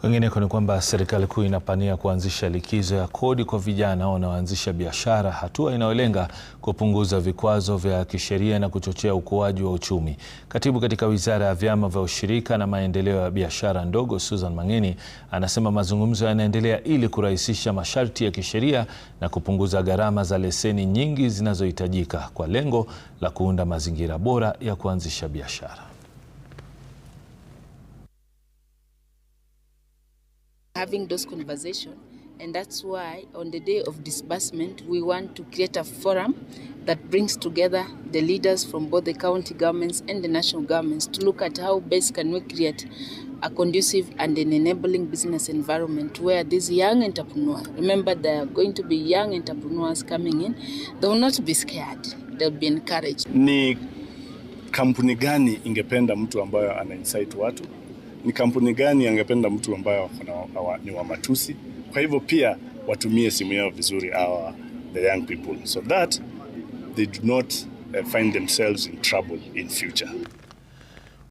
Kwingineko ni kwamba serikali kuu inapania kuanzisha likizo ya kodi kwa vijana wanaoanzisha biashara, hatua inayolenga kupunguza vikwazo vya kisheria na kuchochea ukuaji wa uchumi. Katibu katika wizara ya vyama vya ushirika na maendeleo ya biashara ndogo, Susan Mang'eni, anasema mazungumzo yanaendelea ili kurahisisha masharti ya kisheria na kupunguza gharama za leseni nyingi zinazohitajika kwa lengo la kuunda mazingira bora ya kuanzisha biashara. having those conversations. And that's why on the day of disbursement, we want to create a forum that brings together the leaders from both the county governments and the national governments to look at how best can we create a conducive and an enabling business environment where these young entrepreneurs, remember there are going to be young entrepreneurs coming in, they will not be scared, they'll be encouraged. Ni kampuni gani ingependa mtu ambayo ana insight watu ni kampuni gani angependa mtu ambaye ni wa matusi. Kwa hivyo pia watumie simu yao vizuri, our the young people so that they do not eh, find themselves in trouble in future.